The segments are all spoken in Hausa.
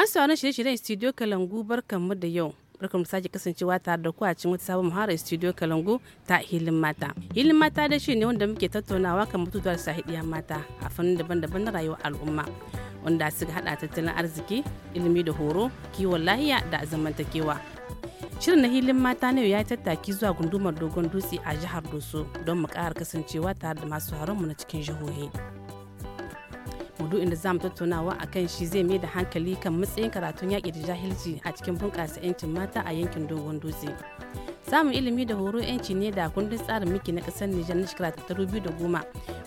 masu sauran shirye-shiryen studio kalangu mu da yau mu sake kasancewa tare da ku a cikin wata sabon muharar studio kalangu ta hilin mata hilin mata da shi ne wanda muke tattaunawa kan mutuwar sahidiyar mata a fannin daban-daban na rayuwar al'umma wanda suka hada tattalin arziki ilimi da horo kiwon lahiya da zamantakewa shirin na hilin mata na yau ya tattaki zuwa gundumar dogon dutse a jihar doso don mu kasancewa tare da masu mu na cikin jihohi maudu'in inda za mu tattaunawa a kan shi zai mai da hankali kan matsayin karatun yaƙi da jahilci a cikin bunƙasa 'yancin mata a yankin dogon dutse samun ilimi da horo 'yanci ne da kundin tsarin miki na ƙasar nijar na shekara ta dubu da goma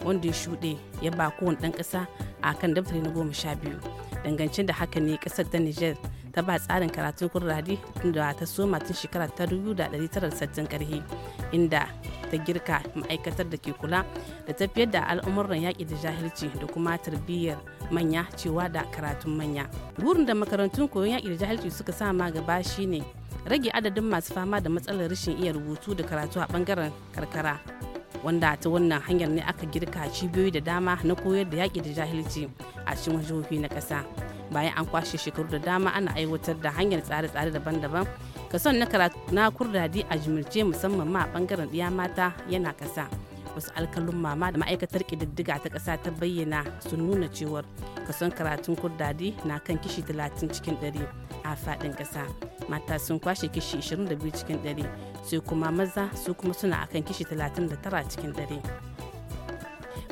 wanda ya shuɗe ya ba kowane ɗan ƙasa a kan daftari na goma sha biyu dangance da haka ne ƙasar ta nijar ta ba tsarin karatun kurradi da ta soma tun shekara ta 1960 karhi inda ta girka ma'aikatar da ke kula da tafiyar da al'umuran yaƙi da jahilci da kuma tarbiyyar manya cewa da karatun manya burin da makarantun koyon yaƙi da jahilci suka sa ma gaba ne rage adadin masu fama da matsalar rashin iya rubutu da karatu a bangaren karkara wanda ta wannan hanyar ne aka girka cibiyoyi da dama na koyar da yaƙi da jahilci a cikin jihohi na ƙasa bayan an kwashe shekaru da dama ana aiwatar da hanyar tsare-tsare daban-daban kason na kurdadi a jimirce musamman ma a bangaren ɗiya mata yana ƙasa wasu alkalin mama da ma'aikatar ƙididdiga ta ƙasa ta bayyana sun nuna cewar kason karatun kurdadi na kan kishi talatin cikin 100 a faɗin ƙasa mata sun kwashe kishi 22 cikin 100 sai kuma maza su kuma suna akan kishi 39 cikin 100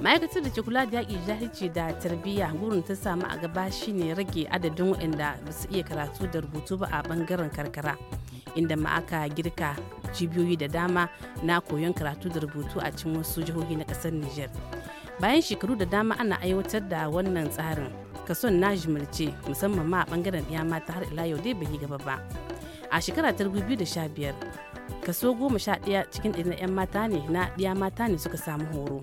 ma'aikatar da ke kula da yaƙi jahilci da tarbiyya gurin ta samu a gaba shine rage adadin waɗanda ba su iya karatu da rubutu ba a ɓangaren karkara inda ma aka girka cibiyoyi da dama na koyon karatu da rubutu a cikin wasu jihohi na ƙasar niger bayan shekaru da dama ana aiwatar da wannan tsarin kason na jimirce musamman ma a bangaren ya mata har ila yau dai bai yi gaba ba a shekara ta 2015 kaso goma sha ɗaya cikin ɗari 'yan mata ne na ɗiya mata ne suka samu horo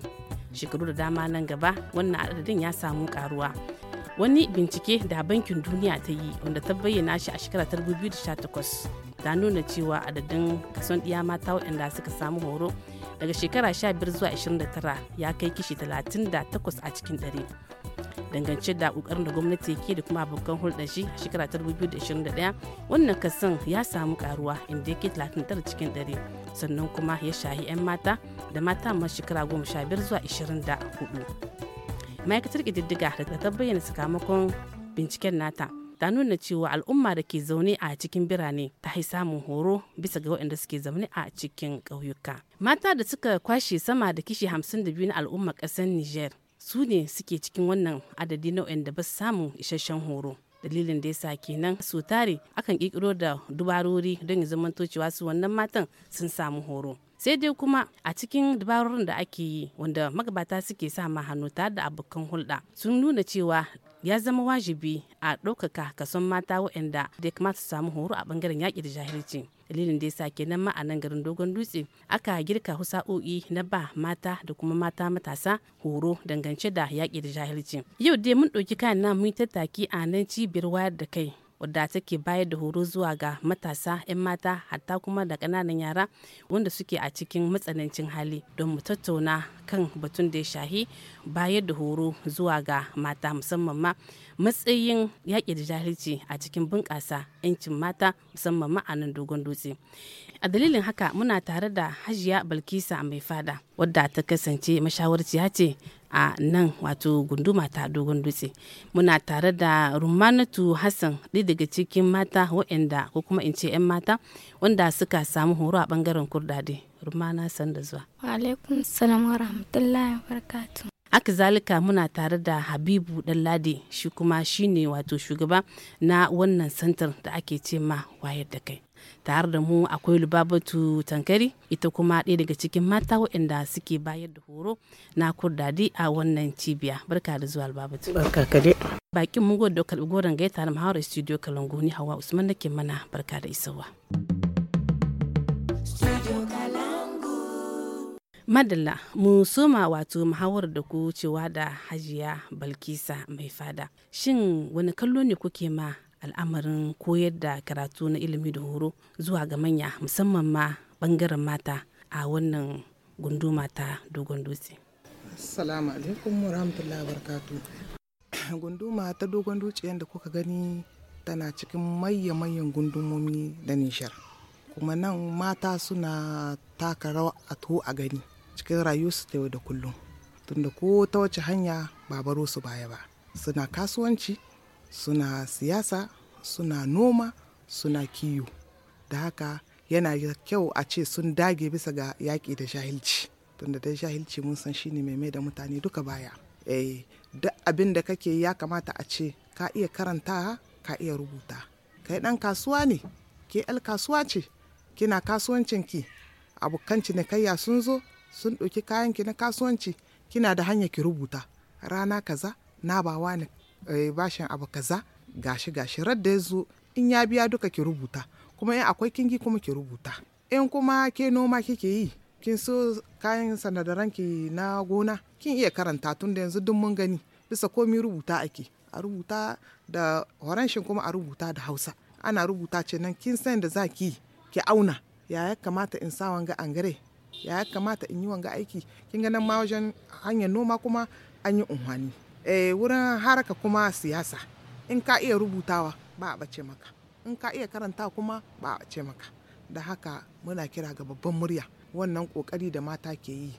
shekaru da dama nan gaba wannan adadin ya samu karuwa wani bincike da bankin duniya ta yi wanda ta bayyana shi a shekara ta 2018 ta nuna cewa adadin kason ɗiya mata waɗanda suka samu horo daga shekara 15 zuwa 29 ya kai kishi talatin da 38 a cikin ɗari. dangance da kokarin da gwamnati ke da kuma abokan hulɗar shi a shekara ta 2021 wannan kasan ya samu karuwa inda yake 39 cikin 100 sannan kuma ya shahi 'yan mata da mata masu shekara 15 zuwa 24 ma'aikatar ƙididdiga da ta bayyana sakamakon binciken nata ta nuna cewa al'umma da ke zaune a cikin birane ta hai samun horo bisa ga waɗanda suke zaune a cikin ƙauyuka. Mata da suka kwashe sama da kishi 52 na al'umma ƙasar Niger su ne suke cikin wannan adadi na da ba su samun isasshen horo dalilin da yasa kenan su tare akan kirkiro da dubarori don ya zamanto su wannan matan sun samu horo sai dai kuma a cikin dabarorin da ake yi wanda magabata suke sa ma hannu tare da abokan hulɗa sun nuna cewa ya zama wajibi a ɗaukaka kason mata waɗanda da kamata su samu horo a bangaren yaƙi da jahilci dalilin da yasa kenan ma a nan garin dogon dutse aka girka husa'o'i na ba mata da kuma mata matasa horo dangance da yaƙi da jahilci yau dai mun ɗauki kayan na mun tattaki a nan cibiyar wayar da kai wadda take bayar da horo zuwa ga matasa 'yan mata hatta kuma da ƙananan yara wanda suke a cikin matsanancin hali don mu tattauna kan batun da ya shahi bayar da horo zuwa ga mata musamman ma matsayin yaƙi da jahilci a cikin bunƙasa 'yancin mata musamman ma'anin dogon dutse a dalilin haka muna tare da hajiya balkisa mai fada wadda ta kasance mashawarciya ce a nan wato gunduma ta dogon dutse muna tare da rumanatu hassan ɗi daga cikin mata waɗanda ko kuma in ce 'yan mata wanda suka samu horo a ɓangaren kurdade rumana san da zuwa wa alaikum salam wa rahmatullahi wa barakatuh aka zalika muna tare da habibu ɗanladi shi kuma shine wato shugaba na wannan santar da ake ce ma wayar da kai tare da mu akwai lubabatu tankari ita kuma ɗaya daga cikin mata waɗanda suke bayar da horo na kurdadi a wannan cibiya barka da zuwa lubabatu barka bakin mugu da kalbi goron gaita na mahawar studio kalangu ni hawa usman nake mana barka da isawa. madalla mu soma wato muhawar da ku cewa da hajiya balkisa mai fada shin wani kallo ne kuke ma al'amarin koyar da karatu na ilimi da horo zuwa ga manya musamman ma bangaren mata a wannan gunduma ta dogon dutse assalamu alaikum wa rahmatullahi barakatu gunduma ta dogon dutse yadda kuka gani tana cikin maye mayan gundumomi da nishar kuma nan mata suna taka rawa a to a gani cikin rayuwarsu ta yau da kullum tunda ko ta wace hanya ba baro su baya ba suna kasuwanci suna siyasa suna noma suna kiyo da haka yana kyau a ce sun dage bisa ga yaƙi da shahilci tunda dai shahilci mun san shine mai mai da mutane duka baya eh duk abin da kake ya kamata a ce ka iya karanta ka iya rubuta kai dan kasuwa ne ke al kasuwa ce kina kasuwancin ki ne cinikayya sun zo sun ɗauki kayanki na kasuwanci kina da hanya ki rubuta rana kaza na ba wani eh, bashin abu kaza gashi gashi radda ya zo in ya biya duka ki rubuta kuma in akwai kingi kuma ki rubuta in kuma ke noma kike yi kin so kayan sanadaran ki na gona kin iya karanta tun da yanzu duk mun gani bisa komi rubuta ake a rubuta da horanshin kuma a rubuta da hausa ana rubuta ce nan kin san da za ki ki auna ya kamata in sa wanga angare ya kamata in yi wanga aiki kin ga nan ma wajen hanyar noma kuma an yi unhwani eh wurin haraka kuma siyasa in ka iya rubutawa ba a bace maka in ka iya karanta kuma ba a bace maka da haka muna kira ga babban murya wannan kokari da mata ke yi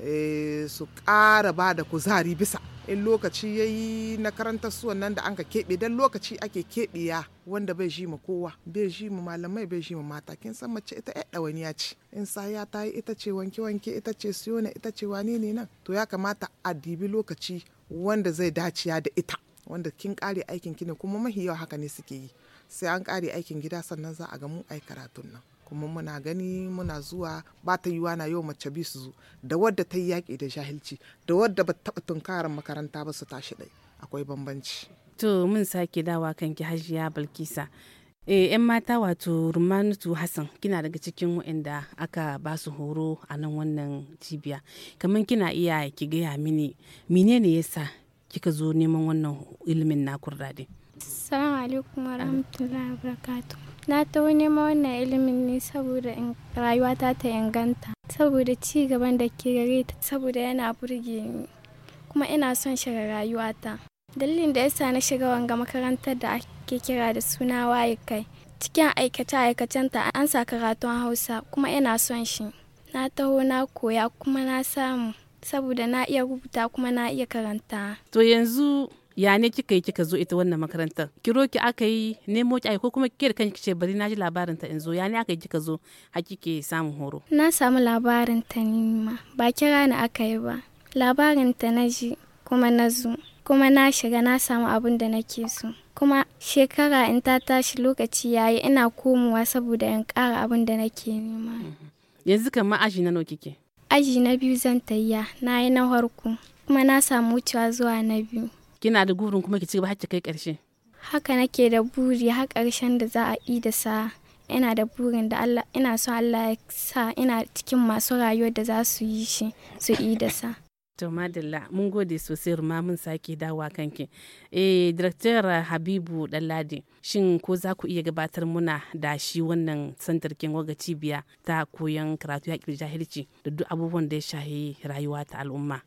Eh, su ƙara ba da kuzari bisa in lokaci ya yi na karantar suwan nan da an ka keɓe don lokaci ake keɓeya wanda bai ji ma kowa bai ji ma malamai bai ji ma mata kin san mace ita wani ya ce in saya ta yi ita ce wanke wanke ita ce siyo na ita ce wane ne nan to ya kamata a dibi lokaci wanda zai daciya da ita wanda kin ƙare aikin ki ne kuma mahi haka ne suke yi sai an ƙare aikin gida sannan za a ga mu ai karatun nan kuma muna gani muna zuwa ba ta yiwa na yau mace bi su da wadda ta yi yaƙi da jahilci da wadda ba taɓa tunkarar makaranta ba su tashi ɗai akwai bambanci. to mun sake dawa kanki hajiya balkisa eh yan mata wato rumanutu hassan kina daga cikin waɗanda aka ba su horo a nan wannan cibiya kamar kina iya ki gaya mini menene yasa kika zo neman wannan ilimin na kurdade. assalamu alaikum wa rahmatullahi wa barakatuh na ta neman wannan ilimin ne saboda rayuwata ta inganta saboda ci gaban da ke gare ta saboda yana burge ni kuma ina son shiga rayuwata dalilin da yasa na shiga wanga makarantar da ake kira da suna waye kai cikin aikace aikacen ta an sa karatun hausa kuma ina son shi na taho na koya kuma na samu saboda na iya rubuta kuma na iya karanta to yanzu ya ne kika yi kika zo ita wannan makarantar kiro ki aka yi nemo ki ko kuma kike da kanki ce bari na ji labarin ta in zo ya ne aka yi kika zo hakike samun horo na samu labarin ta ne ma ba kira ni aka yi ba labarin ta na ji kuma na zo kuma na shiga na samu abin da nake so kuma shekara in ta tashi lokaci yayi ina komowa saboda in ƙara abin da nake nema yanzu kan aji na nawa kike aji na biyu zan tayya na yi na farko kuma na samu wucewa zuwa na biyu kina da gurin kuma ki ci gaba har ki kai ƙarshe haka nake da buri har karshen da za a yi da sa ina da burin da Allah ina so Allah ya sa ina cikin masu rayuwar da za su yi shi su yi da sa to madalla mun gode sosai ruma mun sake dawa kanki eh director habibu dallade shin ko za ku iya gabatar muna da shi wannan santarkin waga cibiya ta koyon karatu ya jahilci da duk abubuwan da ya shahi rayuwa ta al'umma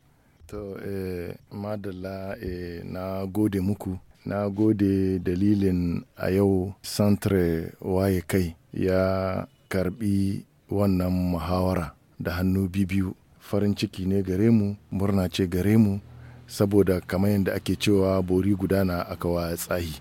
To, eh, eh, na gode muku, na gode dalilin a yau santre waye kai ya karbi wannan muhawara da hannu bibiyu farin ciki ne gare mu, murna ce gare mu, saboda kamar yadda ake cewa bori gudana a wa tsahi.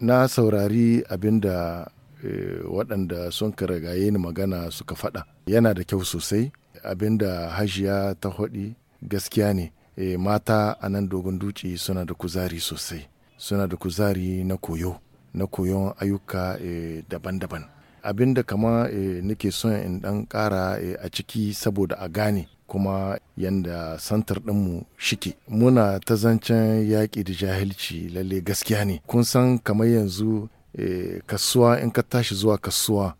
Na saurari abinda eh, waɗanda sun karagaye ni magana suka faɗa. Yana da kyau sosai abinda hajiya ta haɗi gaskiya ne e, mata a nan dogon duci suna da kuzari sosai suna da kuzari na koyo na koyon ayyuka e, daban-daban abin da kama e, nake son in dan kara e, a ciki saboda a gane kuma yanda santar ɗinmu shike muna ta zancen yaƙi da jahilci lalle gaskiya ne kun san kamar yanzu e, kasuwa in ka tashi zuwa kasuwa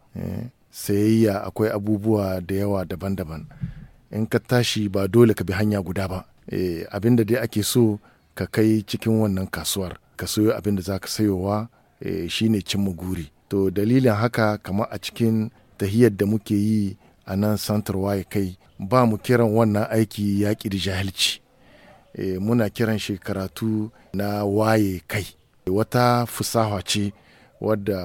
sayayya akwai abubuwa da yawa daban-daban in ka tashi ba dole ka bi hanya guda ba eh, abin da dai ake so ka kai cikin wannan kasuwar ka sayo abin da za ka sayowa e, shine cimma guri to dalilin haka kamar a cikin tahiyar da muke yi a nan santar waye kai ba mu kiran wannan aiki yaƙi da jahilci eh, muna kiran shi karatu na waye kai wata fusaha ce wadda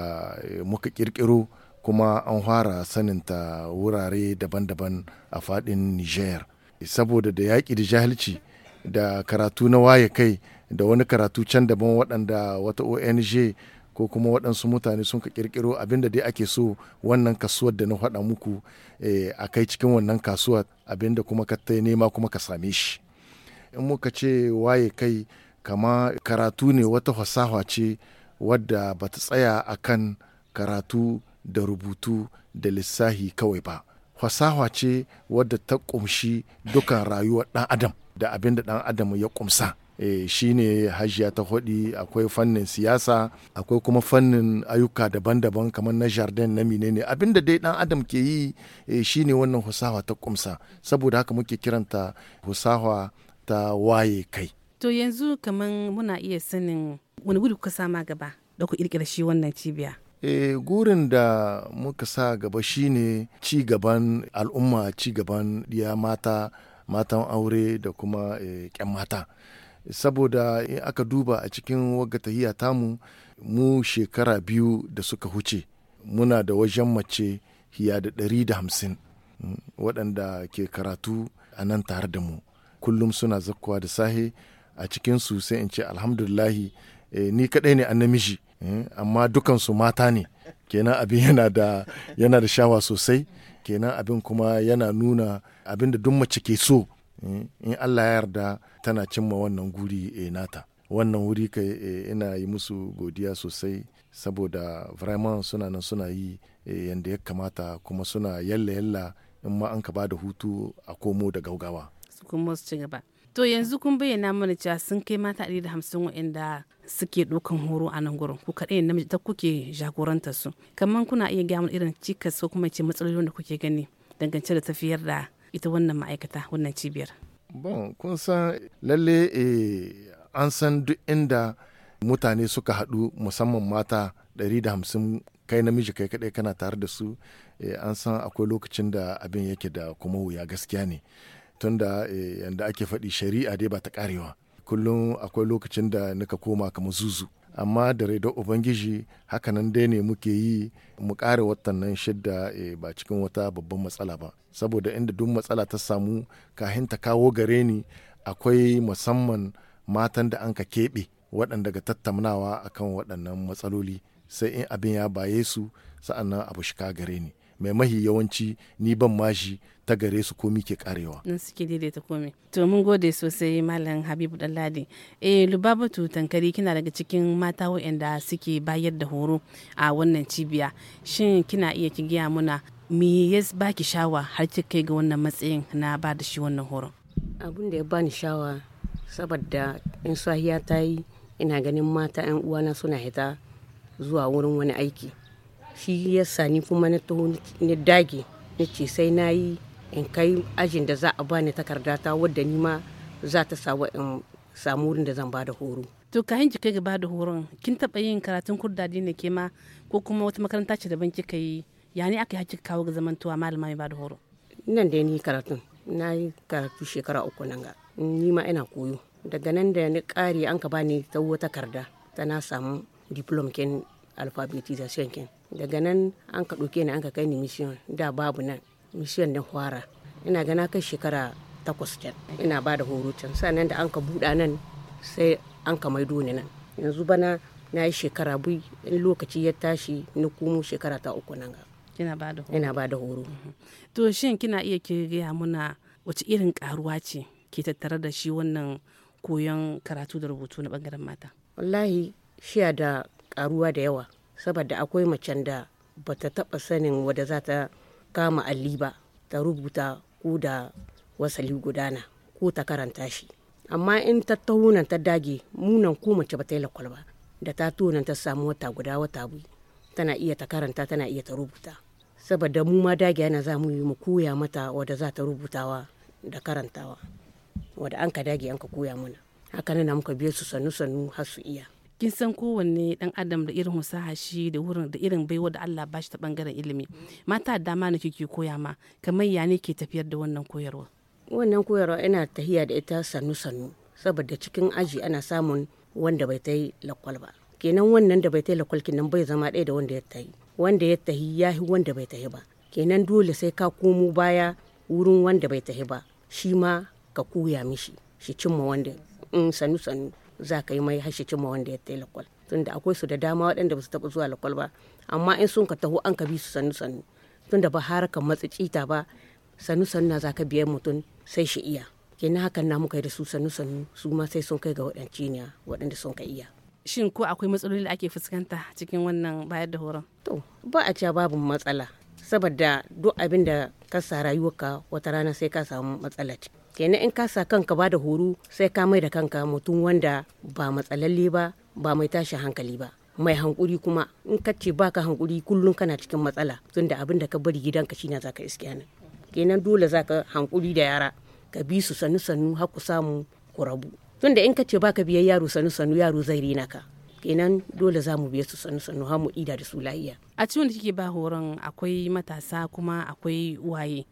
muka ƙirƙiro kuma an fara saninta wurare daban-daban a fadin niger saboda da yaƙi da jahilci da karatu na waye kai da wani karatu can daban waɗanda wata ong ko kuma waɗansu mutane sun ka ƙirƙiro abinda dai ake so wannan kasuwar da na faɗa muku eh, a kai cikin wannan kasuwar abinda kuma ka ta nema kuma ka same shi in muka ce waye kai kama karatu ne wata fasaha ce wadda ba ta tsaya a kan karatu da rubutu da lissahi kawai ba fasaha ce wadda ta ƙumshi dukan rayuwar ɗan adam da abin da ɗan adam ya ƙumsa e, eh, shine hajiya ta hudi akwai fannin siyasa akwai kuma fannin ayyuka daban-daban kamar na jardin na menene abin da dai ɗan adam ke yi e, eh, shine wannan fasaha ta ƙumsa saboda haka muke kiranta fasaha ta waye kai to yanzu kamar muna iya sanin wani gudu kuka sama gaba da ku ƙirƙira shi wannan cibiya e gurin da muka sa gaba shine ci gaban al'umma ci gaban ya mata matan aure da kuma eh, ƙyan mata saboda in aka duba a cikin wagatahiya tamu mu shekara biyu da suka huce muna da wajen mace hiya da ɗari da hamsin mm, waɗanda ke karatu a nan tare da mu kullum suna zakkuwa da sahe a cikinsu sai in ce alhamdulillahi eh, ni kaɗai ne an namiji Eh, amma dukansu mata ne kenan abin yana da yana da shawa sosai kenan abin kuma yana nuna abin da duk mace ke so eh, in Allah ya yarda tana cimma wannan guri e nata wannan wuri ka ina yi musu godiya sosai saboda vraiment suna nan suna yi yadda ya kamata kuma suna yalla yalla in ma an ka ba da hutu a komo da gaugawa kuma su ci gaba To yanzu kun bayyana mana cewa sun kai mata ɗari da hamsin wainda suke ɗaukan horo a nan gurin ku kaɗai namiji ta kuke jagorantar su kamar kuna iya gaya mana irin cikas ko kuma ce matsalolin da kuke gani dangance da tafiyar da ita wannan ma'aikata wannan cibiyar. Bon kun san lalle eh, an san duk inda mutane suka haɗu musamman mata ɗari da hamsin kai namiji kai kaɗai kana tare da su eh, an san akwai lokacin da abin yake da kuma wuya gaskiya ne. tunda eh, yanda ake faɗi shari'a dai ba ta karewa kullum akwai lokacin da nika koma kamar zuzu amma da raidon ubangiji hakanan dai ne muke yi mu kare watan nan shidda eh, ba cikin wata babban matsala ba saboda inda duk matsala ta samu kahin ta kawo gare ni akwai musamman matan da an ka keɓe waɗanda ga tattaunawa akan waɗannan matsaloli sai in abin ya baye su sa'annan abu shika gare ni mai mahi yawanci ni ban mashi ta gare su komi ke karewa. Nan suke daidaita komi. To mun gode sosai Malam Habibu Dalladi. Eh Lubabatu Tankari kina daga cikin mata waɗanda suke bayar da horo a wannan cibiya. Shin kina iya ki gaya muna me ya ki shawa har ki kai ga wannan matsayin na ba da shi wannan horo Abin da ya bani shawa saboda in sahiya ta yi ina ganin mata 'yan uwana suna hita zuwa wurin wani aiki. shi ya sani kuma na taho ni dage na ce sai na yi in kai ajin da za a bani takarda ta wadda ni ma za ta sawa in samu wurin da zan ba da horo to kayan ki kai ba da horon kin taba yin karatun kurdadi ne ke ma ko kuma wata makaranta ce daban kika yi ya ne aka yi kika kawo ga tuwa malama mai ba da horo nan da ni karatun na yi karatu shekara uku nan ga ni ma ina koyo daga nan da ni kare an ka bani ta wata takarda ta na samu diplom ken alfabetization ken daga nan an ka ɗauke ni an ka kai ni mission da babu nan mission na fara ina gana kai shekara takwas can ina ba da horo can sannan da an ka buɗa nan sai an ka maido ni nan yanzu bana na yi shekara bi lokaci ya tashi na kumo shekara ta uku nan ga kina ina ba da horo mhm. to shin kina iya kirga muna wace irin karuwa ce ke tattare da shi wannan koyon karatu da rubutu na bangaren mata wallahi shiya da karuwa da yawa saboda akwai macen da ta taba sanin wadda za ta kama alli ba ta rubuta ko da wasali gudana ko ta karanta shi amma in ta tauna ta dage munan ko mace ba ta yi lakwal ba da ta tunan ta samu wata guda wata biyu tana iya ta karanta tana iya ta rubuta saboda mu ma dage yana za mu yi mu koya mata wadda za ta rubutawa da karantawa wadda an ka dage an ka koya mana haka na muka biye su sannu sannu har su iya kin san kowanne dan adam da irin husaha shi da wurin da irin baiwa da Allah ba shi ta bangaren ilimi mata da dama ne kike koya ma kamar ya ne ke tafiyar da wannan koyarwa wannan koyarwa ina tahiya da ita sannu sannu saboda cikin aji ana samun wanda bai ta yi lakwal ba kenan wannan da bai ta yi lakwal kenan bai zama ɗaya da wanda ya tahi wanda ya tahi ya yi wanda bai tahi ba kenan dole sai ka komo baya wurin wanda bai tahi ba shi ma ka koya mishi shi cimma wanda in mm, sanu sanu za ka yi mai hashe cimma wanda ya ta lakwal tunda akwai su da dama waɗanda ba su taɓa zuwa lakwal ba amma in sun ka taho an ka bi su sannu sannu tunda ba harkar cita ba sannu sannu na za ka biyan mutum sai shi iya kenan hakan na muka yi da su sannu sannu su ma sai sun kai ga waɗanci ne waɗanda sun ka iya shin ko akwai matsaloli da ake fuskanta cikin wannan bayar da horon to ba a cewa babu matsala saboda duk abin da ka sa rayuwarka wata rana sai ka samu matsala ce kenan in ka sa kanka ba da horo sai ka mai da kanka mutum wanda ba matsalalle ba ba mai tashi hankali ba mai hankuri kuma in ka ce baka hankuri kullum kana cikin matsala tunda abin da ka bari gidanka shine zaka iske nan kenan dole zaka hankuri da yara ka bi su sanu sanu har ku samu ku rabu tunda in ka ce baka biyan yaro sanu sanu yaro zai rena ka kenan dole za mu biya su sanu sanu har mu ida da su lahiya a cikin da kike ba horon akwai matasa kuma akwai waye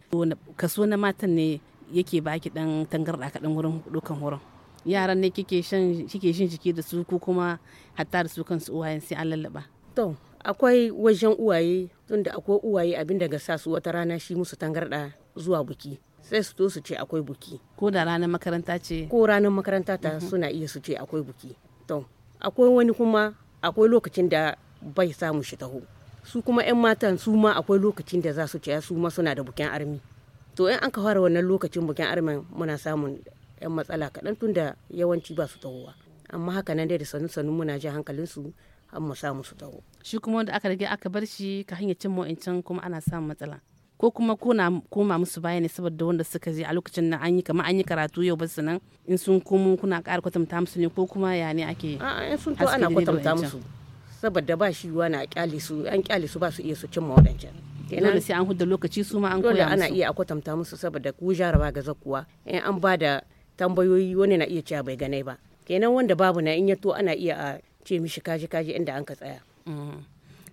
kaso na matan ne yake baki dan tangarda kaɗan wurin dukan wurin yaran ne kike shan kike shin jiki da su ko kuma hatta da su kansu uwayen sai an lallaba to akwai wajen uwaye tunda akwai uwaye abin daga sa su wata rana shi musu tangarda zuwa buki sai su to su ce akwai buki ko da ranar makaranta ce ko ranar makaranta ta mhm. suna iya su ce akwai buki to akwai wani kuma akwai lokacin da bai samu shi taho su kuma 'yan matan su ma akwai lokacin da za su ce su ma suna da bukin armi to in an ka fara wannan lokacin bukin armen muna samun yan matsala kaɗan tun da yawanci ba su tahowa amma haka nan dai da sanu sanu muna ji hankalinsu an mu samu su taho shi kuma wanda aka rage aka bar shi ka hanyar cin mawancin kuma ana samun matsala ko kuma kona koma musu baya ne saboda wanda suka je a lokacin nan an yi kamar an yi karatu yau basu nan in sun komo kuna ƙara kwatanta musu ne ko kuma ya ne ake a in sun to ana kwatanta musu saboda ba shi yiwa na kyale su an kyale su ba su iya su cimma waɗancan dole sai an hudu lokaci su ma an koya musu ana iya a kwatanta musu saboda ku jaraba ga zakuwa in an ba da tambayoyi wani na iya cewa bai ganai ba kenan wanda babu na in ya to ana iya a ce mishi kaji kaji inda an ka tsaya mm-hmm.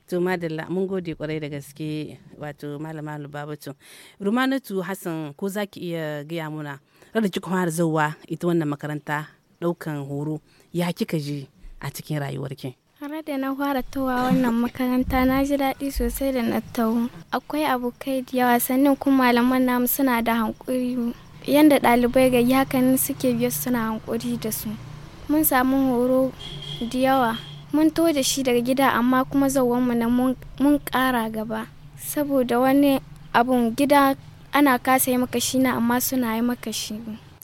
to madalla mun gode kwarai da gaske wato malama lubabatu rumanatu hassan ko za ki iya gaya muna rada kika fara zauwa ita wannan makaranta daukan horo ya kika je a cikin rayuwarki Har da na fara tawa wannan makaranta na ji daɗi sosai da na tawo. Akwai abokai da yawa sannan kuma malaman namu suna da hankuri. Yanda ɗalibai ga yakan suke biyo suna hankuri da su. Mun samu horo da yawa. Mun to da shi daga gida amma kuma mu na mun ƙara gaba. Saboda wani abun gida ana kasa yi maka shi na amma suna yi maka shi.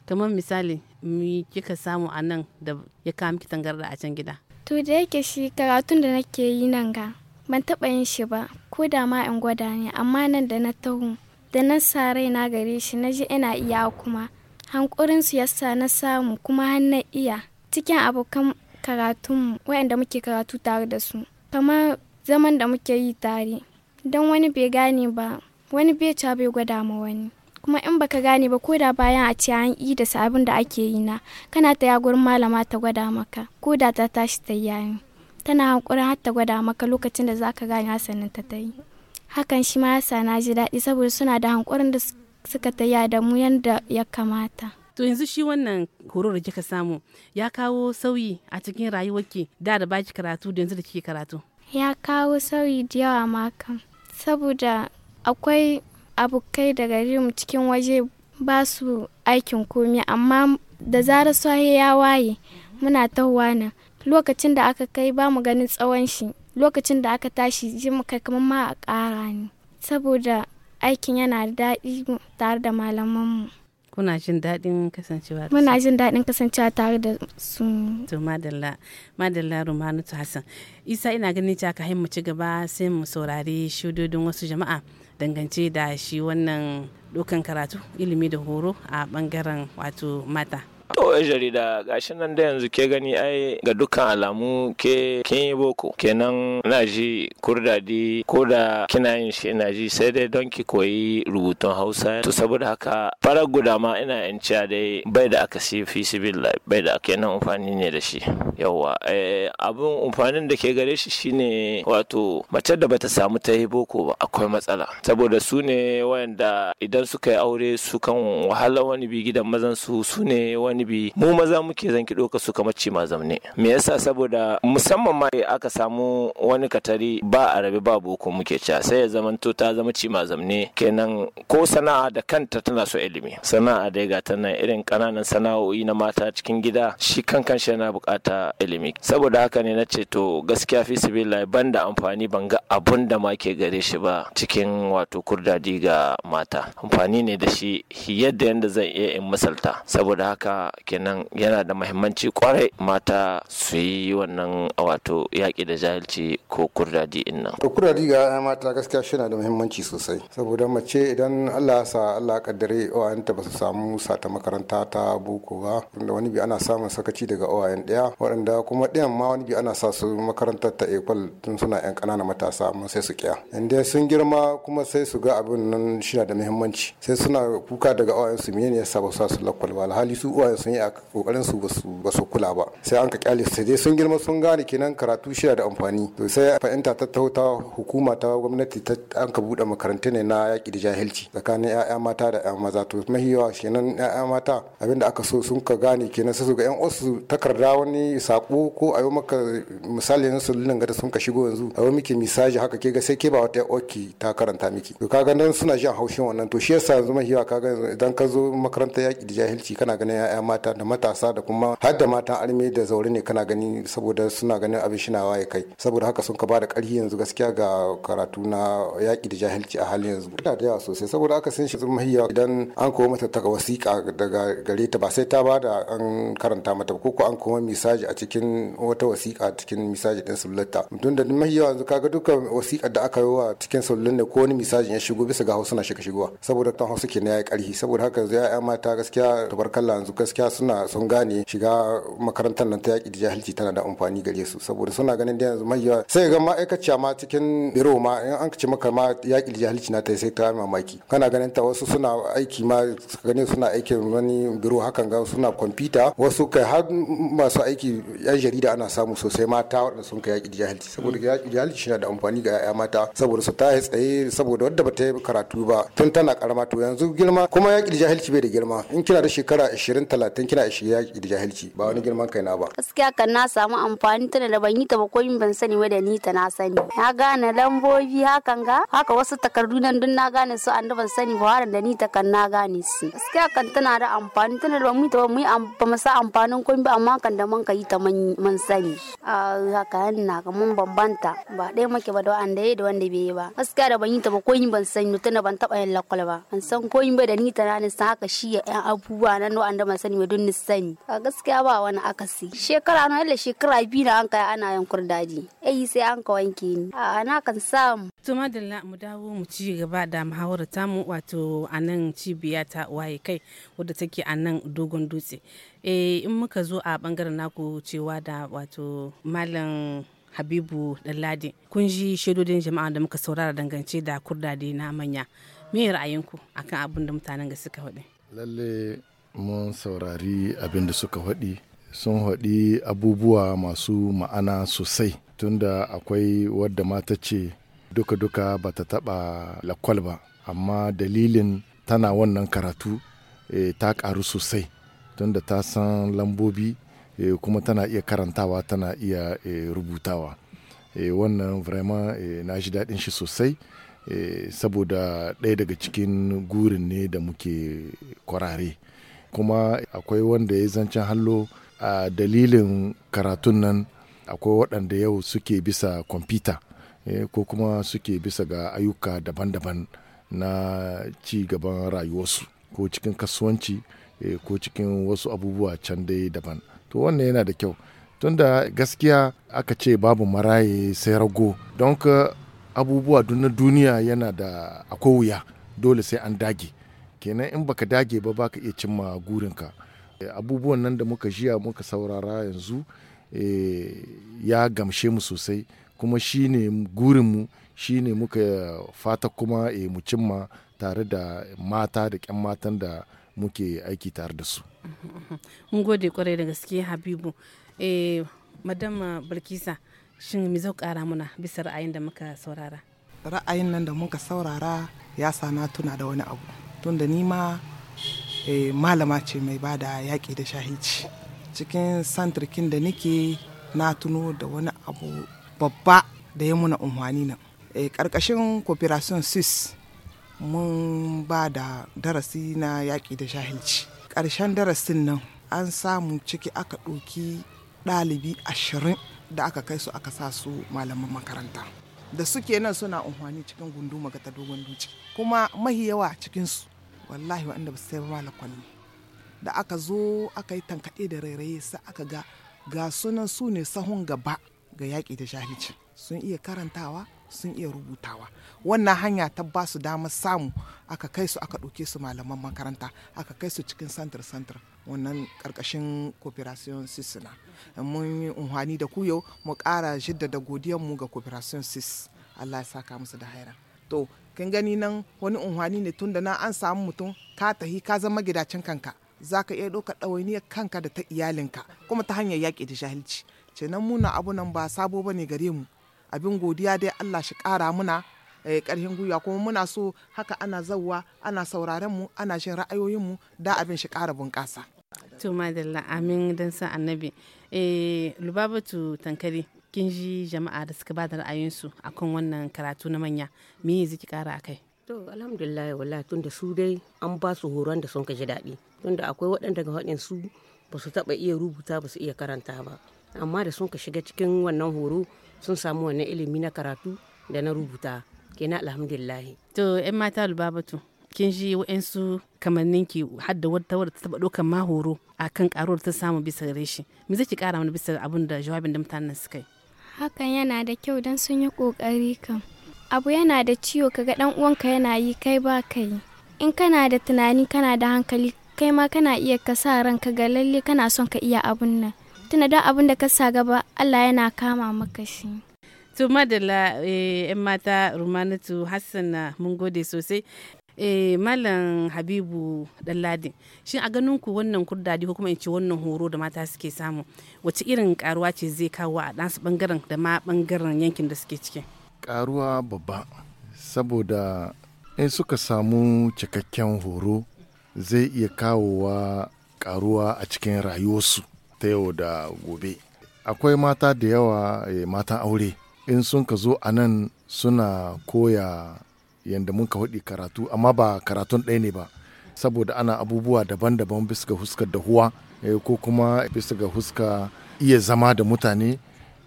Kamar misali, mi kika samu a nan da ya kama miki tangarda a can gida? To da yake shi karatun da nake yi nan ga ban taɓa yin shi ba ko da ma in gwada ne amma nan da na taho da na sa rai na gare shi na ji ina iya kuma hankurin su yasa na samu kuma har iya cikin abokan karatunmu waɗanda muke karatu tare da su kamar zaman da muke yi tare don wani bai gane ba wani bai ca bai gwada ma wani kuma in baka gane ba ko da bayan a ce an yi da abin da ake yi na kana ta ya gurin malama ta gwada maka ko da ta tashi ta yi tana hankurin har ta gwada maka lokacin da zaka gane hasanin ta ta yi hakan shi ma yasa na ji daɗi saboda suna da hankurin da suka ta yi da mu yadda ya kamata to yanzu shi wannan horar da kika samu ya kawo sauyi a cikin rayuwarki da da baki karatu da yanzu da kike karatu ya kawo sauyi da yawa ma saboda akwai abokai da garinmu cikin waje ba su aikin komi amma da zarar sahi ya waye muna tahowa lokacin da aka kai ba mu ganin tsawon shi lokacin da aka tashi ji mu kai kamar ma a ƙara ne saboda aikin yana da daɗi tare da malamanmu kuna jin daɗin kasancewa muna jin daɗin kasancewa tare da su to madalla madalla rumanu hassan isa ina ganin ta ka mu ci gaba sai mu saurari shudodin wasu jama'a dangance da shi wannan dokan karatu ilimi da horo a bangaren wato mata To ya jarida gashi nan da yanzu ke gani ai ga dukkan alamu ke kin yi boko kenan na ji kurdadi ko da kina yin shi na ji sai dai don ki koyi rubutun Hausa to saboda haka farar guda ma ina in ciya dai bai da aka si fi civil bai da kenan amfani ne da shi yawa eh, abin amfanin da ke gare shi shine wato mace da bata samu ta yi boko ba akwai matsala saboda su ne wayanda idan suka yi aure su kan wahala wani bi gidan mazan su su ne wani zunubi mu maza muke zanki ɗauka su kamar ci ma zamne me yasa saboda musamman ma aka samu wani katari ba arabe ba boko muke ca sai ya zamanto ta zama ci zamne kenan ko sana'a da kanta tana so ilimi sana'a dai ga tana irin kananan sana'o'i na mata cikin gida shi kan kanshi yana bukata ilimi saboda haka ne na ce to gaskiya fi sibillahi ban da amfani ban ga abun da ma ke gare shi ba cikin wato kurdadi ga mata amfani ne da shi yadda yadda zan iya in misalta saboda haka kenan yana da mahimmanci kwarai mata su yi wannan wato yaƙi da jahilci ko kurdaji in nan. to kurdadi ga mata gaskiya shi da mahimmanci sosai saboda mace idan allah ya sa allah kaddare ta ba su samu sata makaranta ta boko ba wanda wani bi ana samun sakaci daga owayen daya waɗanda kuma ɗayan ma wani bi ana sa su makarantar ta ekwal tun suna yan ƙanana matasa amma sai su kiya inda sun girma kuma sai su ga abin nan shi da mahimmanci sai suna kuka daga owayen su menene ya sa ba su sa su lakwal alhali su owayen sun yi a kokarin su ba su kula ba sai an ka kyale su dai sun girma sun gane kenan karatu shida da amfani to sai fahimta ta ta hukuma ta gwamnati ta an ka bude makarantu ne na yaki da jahilci tsakanin ya'ya mata da ya'ya maza to mahiyawa kenan ya'ya mata Abin da aka so sun ka gane kenan sai su ga yan uwansu takarda wani sako ko a yi maka misali na su lullun gada sun ka shigo yanzu a yi miki misaji haka ke ga sai ke ba wata oki ta karanta miki to kaga nan suna jin haushin wannan to shi yasa yanzu mahiyawa kaga idan ka zo makarantar yaki da jahilci kana ganin ya'ya 'ya'ya mata da matasa da kuma har da matan arme da zaure ne kana gani saboda suna ganin abin shinawa ya kai saboda haka sun ka ba da ƙarfi yanzu gaskiya ga karatu na yaƙi da jahilci a halin yanzu ina da yawa sosai saboda haka sun shiga mahiya idan an koma mata ta wasiƙa daga gare ta ba sai ta ba da an karanta mata ko ko an koma misaji a cikin wata wasiƙa cikin misaji din sullata mutum da mahiya yanzu kaga dukkan wasiƙa da aka yi wa cikin sullun ne ko wani misajin ya shigo bisa ga hausa na shiga shigowa saboda ta hausa ke na ya ƙarfi saboda haka yanzu ya'ya mata gaskiya tabarkalla yanzu gaskiya suna sun gane shiga makarantar nan ta yaƙi da jahilci tana da amfani gare su saboda suna ganin da yanzu mai sai ga ma'aikaciya ma cikin biro ma in an kace maka ma yaƙi da jahilci na ta sai ta mamaki kana ganin ta wasu suna aiki ma ganin suna aikin wani biro hakan ga suna kwamfuta wasu kai har masu aiki yan jarida ana samu sosai mata waɗanda sun kai yaƙi da jahilci saboda yaƙi da jahilci na da amfani ga 'ya'ya mata saboda su ta tsaye saboda wadda ba ta yi karatu ba tun tana karama to yanzu girma kuma yaƙi da jahilci bai da girma in kina da shekara 20 talatin kina ishe yaƙi da jahilci ba wani girman kai na ba. Gaskiya kan na samu amfani tana da ban yi ta ba ko ban sani wadda ni ta na sani. Na gane lambobi hakan ga haka wasu takardu nan dun na gane su an da ban sani ba haran da ni ta kan na gane su. Gaskiya kan tana da amfani tana da ban yi ta ba mu ba mu sa amfanin kun ba amma kan da man ka yi ta man sani. A haka na mun bambanta ba ɗaya make ba da wanda ya da wanda bai yi ba. Gaskiya da ban yi ta ba ko ban sani tana ban taɓa yin lakwal ba. Ban san ko ba da ni ta na ni san haka shi ya 'yan abubuwa nan da ban sani sani wa sani a gaskiya ba wani akasi shekara na yalla shekara biyu na an kai ana yankur daji eh sai an ka wanke ni a ana kan samu to madalla mu dawo mu ci gaba da muhawara mu wato a nan cibiya ta waye kai wadda take a nan dogon dutse eh in muka zo a bangaren naku cewa da wato malam habibu dallade kun ji shaidodin jama'a da muka saurara dangance da kurdade na manya me ra'ayinku akan abin da mutanen ga suka faɗi lalle mun saurari abin da suka haɗi sun haɗi abubuwa masu ma'ana sosai tunda akwai wadda mata ce duka-duka ba ta taɓa lakwal ba amma dalilin tana wannan karatu e, ta ƙaru sosai tunda ta san lambobi e, kuma tana iya karantawa tana iya e, rubutawa wannan vraiment na ji daɗin shi sosai e saboda ɗaya daga cikin gurin ne da muke kwarare kuma akwai wanda ya zancen hallo a dalilin karatun nan akwai waɗanda yau suke bisa kwamfuta eh, ko kuma suke bisa ga ayyuka daban-daban na ci gaban rayuwarsu ko cikin kasuwanci eh, ko cikin wasu abubuwa can dai daban to wannan yana da kyau tunda gaskiya aka ce babu maraye sai rago don ka abubuwa na duniya yana da akwai wuya dole sai an dage kenan in baka dage ba baka iya cimma gurinka eh, abubuwan nan da muka jiya muka saurara yanzu eh, ya gamshe mu sosai kuma shi ne gurinmu shi ne muka fata kuma eh, mu cimma tare da mata da ƙyan matan da muke aiki tare da su mun gode kwarai da gaske habibu madama bilkisa shin mi zau kara muna bisa ra'ayin da muka saurara ra'ayin nan da muka saurara ya sana tuna da wani abu tunda da ni ma e, malama ce mai ba da yaƙi da shahici. Cikin santirkin da nike na tuno da wani abu babba da ya muna umarni nan. e, ƙarƙashin cooperation sis mun ba da darasi na yaƙi da shahilci ƙarshen darasin nan an samu ciki aka ɗoki ɗalibi ashirin da aka kai su aka sa su malaman makaranta da suke nan suna unhwani cikin gunduma ga ta dogon duci kuma mahi yawa cikinsu wallahi wanda ba sai sayar ba lakwalli da aka zo aka yi tankaɗe da rairaye sai aka ga ga sunan su ne sahun gaba ga yaki da jahilci sun iya karantawa sun iya rubutawa wannan hanya ta ba su damar samu aka kai su aka ɗauke su malaman makaranta aka kai su cikin santar santar wannan ƙarƙashin cooperation sis na mun yi unhwani da ku yau mu ƙara jaddada mu ga cooperation sis allah ya saka musu da haira to kin gani nan wani unhwani ne da na an samu mutum ka tahi ka zama gidacin kanka za ka iya ɗaukar ɗawainiyar kanka da ta iyalinka kuma ta hanyar yaƙi da jahilci nan muna abu nan ba sabo ba ne gare mu abin godiya dai Allah shi ƙara muna eh, ƙarfin gwiwa kuma muna so haka ana zauwa ana sauraren mu ana shin ra'ayoyin mu da abin shi ƙara bunƙasa. To amin dan sa annabi. Eh, Lubabatu Tankari kin ji jama'a da suka ba da ra'ayinsu akan wannan karatu na manya me yanzu ki kara akai to alhamdulillah wallahi tunda su dai an ba su horon da sun kaji daɗi tunda akwai waɗanda ga waɗin su ba su taɓa iya rubuta ba su iya karanta ba amma da sun ka shiga cikin wannan horo sun samu wannan ilimi na karatu da na rubuta kenan alhamdulillah to yan mata lubabatu kin ji wa'ansu kamannin ki da wata wadda ta taba ɗaukan ma horo a kan ƙaruwar ta samu bisa gare shi me zai ki kara mana bisa abin da jawabin da mutanen suka yi hakan yana da kyau don sun yi ƙoƙari kan abu yana da ciwo kaga dan uwanka yana yi kai ba ka yi in kana da tunani kana da hankali kai ma kana iya ka sa ranka ga lalle kana son ka iya abun nan tuna don abun da ka sa gaba Allah yana kama maka shi to madalla eh, mata rumanatu hassan mun gode sosai eh malam habibu ɗanladin shi a ganin ku wannan kurdadi ko kuma in ce wannan horo da mata suke samu wace irin karuwa ce zai kawo a ɗansu bangaren da ma bangaren yankin da suke ciki karuwa babba saboda in suka samu cikakken horo zai iya kawowa karuwa a cikin rayuwarsu ta yau da gobe akwai mata da yawa eh, matan aure in sun ka zo a nan suna koya yadda mun ka haɗi karatu amma ba karatun ɗaya ne ba saboda ana abubuwa daban-daban bisa ga huskar huwa eh, ko kuma bisa ga huska iya zama da mutane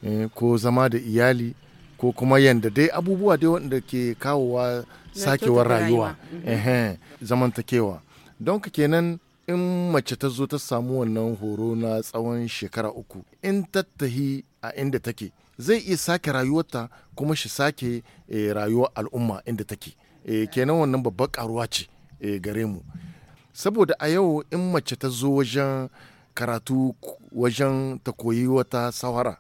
eh, ko zama da iyali ko kuma yadda dai abubuwa dai wanda ke kawowa sakewar rayuwa mm-hmm. zamantakewa don ka kenan in mace ta zo ta samu wannan horo na tsawon shekara uku in tattahi a inda take zai iya sake rayuwarta kuma shi sake eh, rayuwar al'umma inda take eh, kenan wannan babbar karuwa ce eh, gare mu saboda a yau in mace ta zo wajen karatu wajen ta koyi wata sawara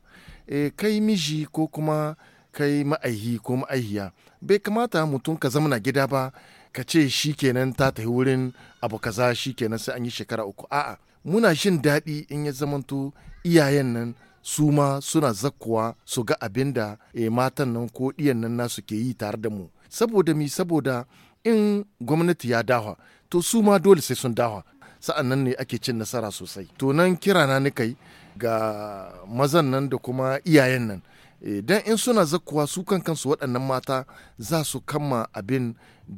kai miji ko kuma kai ma'aihi ko ma'aihiya bai kamata mutum ka zamana gida ba ka ce shi kenan ta tafi wurin abu kaza shi kenan sai an yi shekara uku a'a muna jin daɗi in ya zamanto iyayen nan su ma suna zakkuwa su ga abin da e, matan nan ko ɗiyan nan nasu ke yi tare da mu saboda mi saboda in gwamnati ya dawa to su ma dole sai sun dawa sa'an nan ne ake cin nasara sosai to nan kira na kai ga mazan nan da kuma iyayen nan idan eh, in suna zakkuwa su kan kansu waɗannan mata za su kama abin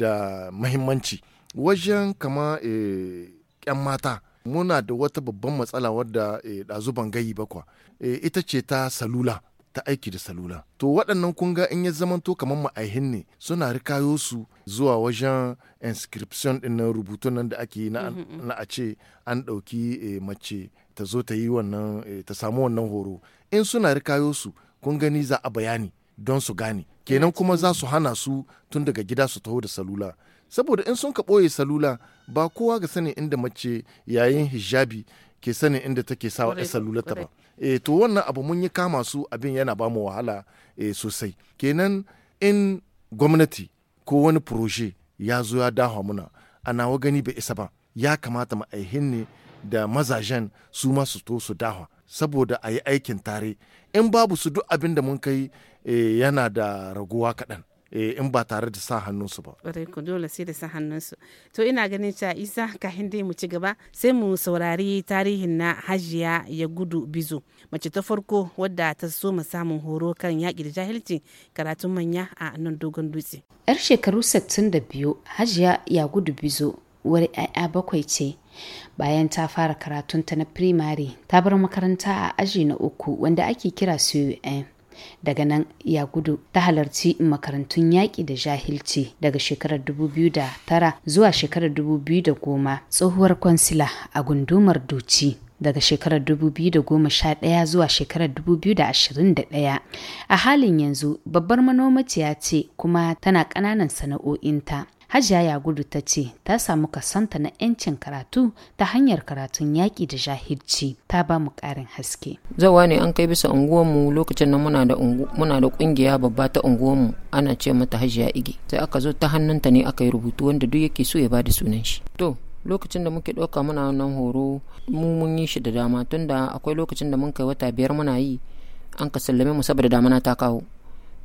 da mahimmanci wajen kama 'yan eh, mata muna da wata babban matsala wadda eh, ɗazuban gayi bakwa eh, ita ce ta salula ta aiki da salula to waɗannan kunga in ya zamanto kamar ma'aihin ne suna rikayo su zuwa wajen inscription ɗin nan rubutun nan da ake yi na mm-hmm, mm-hmm. a ce an ɗauki eh, mace ta zo ta yi wannan ta samu wannan horo in suna rikayo su kun gani za a bayani don su gane kenan kuma za su mm-hmm. hana su tun daga gida su taho da salula saboda in sun ka ɓoye salula ba kowa ga sanin inda mace yayin hijabi ke sanin inda take sawa ɗan salulata ba e, to wannan abu mun yi kama su abin yana ba mu wahala e, sosai kenan in gwamnati ko wani proje ya zo ya dawa muna a nawa gani bai isa ba ya kamata ma'aihin ne da mazajen su ma su to su dawa saboda a yi aikin tare in babu su duk abin da mun kai e, yana da raguwa kaɗan Eh, in ba tare da sa hannunsu ba. ku dole sai da sa hannunsu. To ina ganin cewa isa kahin dai mu ci gaba sai mu saurari tarihin na hajiya ya gudu bizo mace ta farko wadda ta so mu samun horo kan yaƙi da jahilci karatun manya a nan dogon dutse. Yar shekaru 62 hajiya ya gudu bizo wani 'ya'ya bakwai ce bayan ta fara karatunta na firimare ta bar makaranta a aji na uku wanda ake kira CUM. daga nan ya gudu ta halarci makarantun yaƙi da jahilci daga shekarar 2009 zuwa shekarar 2010 tsohuwar kwansila a gundumar doci daga shekarar 2011 zuwa shekarar 2021 a halin yanzu babbar manomaciya ce kuma tana ƙananan sana'o'inta Hajiya ya gudu ta ce ta samu kasanta na 'yancin karatu ta hanyar karatun yaƙi da jahilci ta ba mu ƙarin haske. Zawa ne an kai bisa unguwarmu lokacin da muna da ƙungiya babba ta unguwarmu ana ce mata Hajiya Ige. Sai aka zo ta hannunta ne aka yi rubutu wanda duk yake so ya ba da sunan shi. To lokacin da muke ɗauka muna nan horo mu mun yi shi da dama tunda akwai lokacin da mun kai wata biyar muna yi an ka sallame mu saboda damana ta kawo.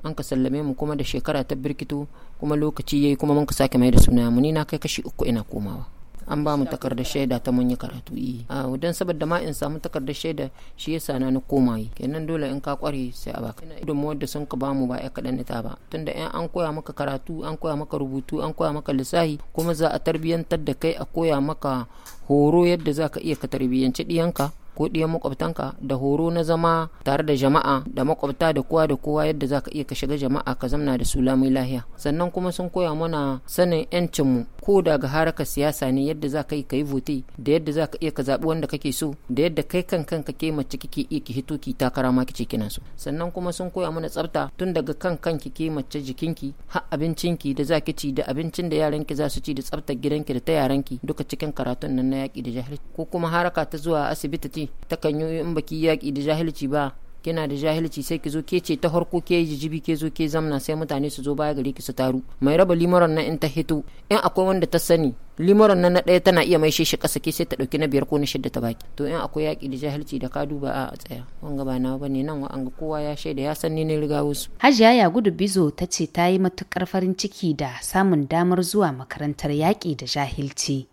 an ka sallame mu kuma da shekara ta birkito kuma lokaci yayi kuma mun ka sake mai da suna mu ni na kai kashi uku ina komawa an ba mu takardar shaida ta mun yi karatu yi eh. a don saboda ma in samu takardar shaida shi yasa na na koma yi kenan dole in ka kware sai a baka ina gudunmuwar da sun ka bamu mu ba ya kadan ta ba tunda in an koya maka karatu an koya maka rubutu an koya maka lissahi kuma za a tarbiyyantar da kai a koya maka horo yadda za ka iya ka tarbiyance diyanka. ko ɗiyan makwabtanka da horo na zama tare da jama'a da makwabta da kowa da kowa yadda za ka iya ka shiga jama'a ka zamna da su lamai lahiya sannan kuma sun koya mana sanin yancinmu ko daga haraka siyasa ne yadda za ka yi ka yi vote da yadda za ka iya ka zaɓi wanda kake so da yadda kai kan kanka ke mace kike iya ki hito ki takara ma kice kina so sannan kuma sun koya mana tsafta tun daga kan kanki ke mace jikinki har abincinki da za ki ci da abincin da yaranki za su ci da tsaftar ki da ta ki duka cikin karatun nan na yaƙi da jahilci ko kuma haraka ta zuwa asibiti ta takan yi in baki yaƙi da jahilci ba kina da jahilci sai ki zo ke ce ta harko ke jijibi ke zo ke zamna sai mutane su zo baya gari ki su taru mai raba limaron nan in ta hito in akwai wanda ta sani limaron nan na ɗaya tana iya mai shi ƙasa ke sai ta ɗauki na biyar ko na shidda ta baki to in akwai yaƙi da jahilci da ka duba a tsaya wanga ba nawa bane nan an ga kowa ya shaida ya san ni ne riga wasu hajiya ya gudu bizo ta ce ta yi matukar farin ciki da samun damar zuwa makarantar yaƙi da jahilci